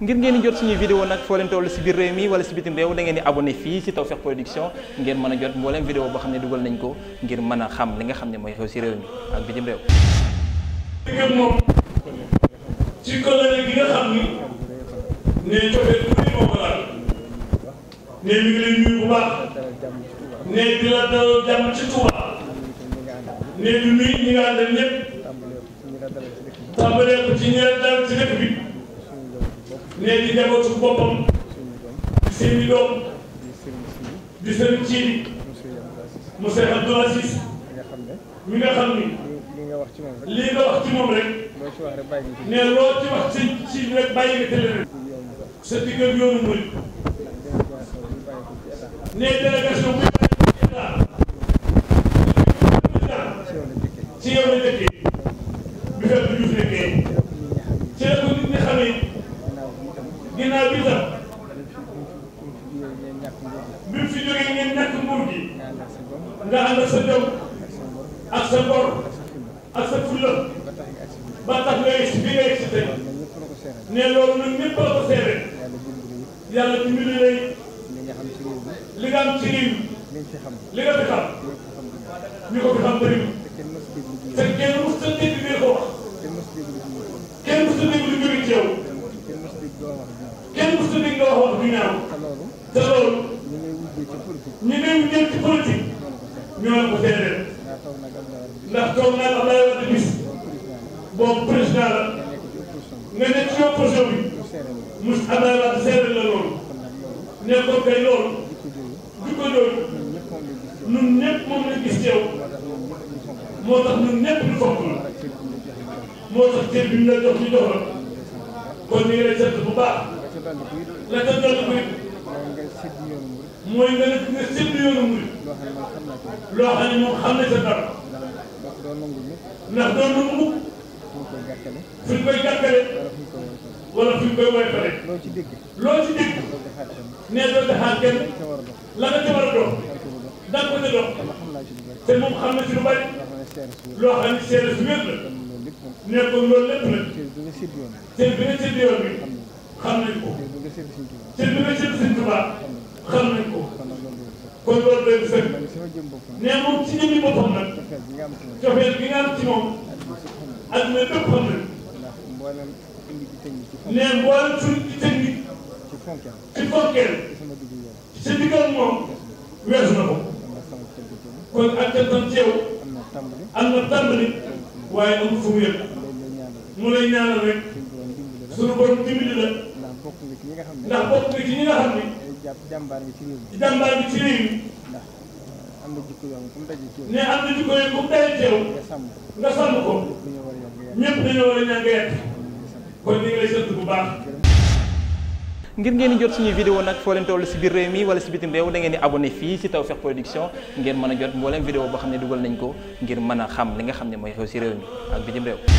ngir ngeen di jot suñuy vidéo nag foo leen toll si biir réew mi wala si bitim réew da di abonné fii si Tawfekh Production ngeen mën a jot mbooleem vidéo boo xam ne dugal nañ ko ngir mën a xam li nga xam ne ni ne cofee bu ne moo ko laal ne mi bu baax ne di la dalal jàmm ci Touba ne di nuyu ñi nga àndal ñëpp nee di njabootu boppam di seeni doom di seen ciini monsieur Abdou Aziz mi nga xam ni lii nga wax ci moom rek lii nga wax ci moom rek nee loo ci wax ci ci rek bàyyi nga tële rek sa diggante yoonu mooy nee délégation nga ànd ak sa jom ak sa ngor ak sa fulla ba tax nga yegg si bi nga yegg si tey ne loolu nag ñëpp la ko seere yàlla dimbali lay li nga am ci réew li nga fi xam ñu ko fi xam bëri te kenn mës sa dégg bi ko wax kenn mës sa dégg lu jóge ci yow kenn mës sa dégg nga wax wax du ñaaw te loolu ñu ngay wujjee ñoo la ko seedeel ndax la Abdoulaye Wade gis boobu président la nga nekk ci opposition bi mu Abdoulaye Wade seedeel la loolu ne ko kay loolu du ko loolu ñun moom la gis teew moo tax ñun ñëpp ñu fonk moo tax cër bi ñu la jox ñu jox la kon ñu ngi la ca dolli ko it mooy nga def nga sédd yoonu murid. loo xam ne moom xam naa ko. loo xam ne moom xam na sa dara. ndax doo nangu mukk. ndax doo nangu mukk. fu ñu koy gàkkale. fu ñu koy gàkkale. wala fu ñu koy woyfale. loo ci dégg. loo ci dégg. nee doo defaat kenn. la nga ca war a dox. da nga ko ca dox. te moom xam na ci lu bari. loo xam ne seere su wér la. nekkul loolu lépp nag. te bi nga sédd yoon bi. xam nañ ko. te bi nga sédd Sëñ Tuubaa. xam nañ ko kon loolu doy fekk ne moom ci jëmmi boppam nag cofeel bi nga am ci moom ak mais bépp xam nañ ne mboolem suñ ci technique ci fonkeel ci sa diggal moom weesu na ko kon ak jantan ceew am na tàmbali waaye amul fu mu yëg mu lay ñaanal rek suñu borom dimbali la ñi nga xam jàmbaar bi ci réew mi. jàmbaar bi ci réew mi. ndax eh, am ngir ngeen jot suñu vidéo nag foo leen toll si biir réew mi wala si bitim réew da ngeen di abonné fii si Tawfekh Production ngeen mën a jot mboolem vidéo boo xam ne dugal nañ ko ngir mën a xam li nga xam ne mooy xew si réew mi ak bitim réew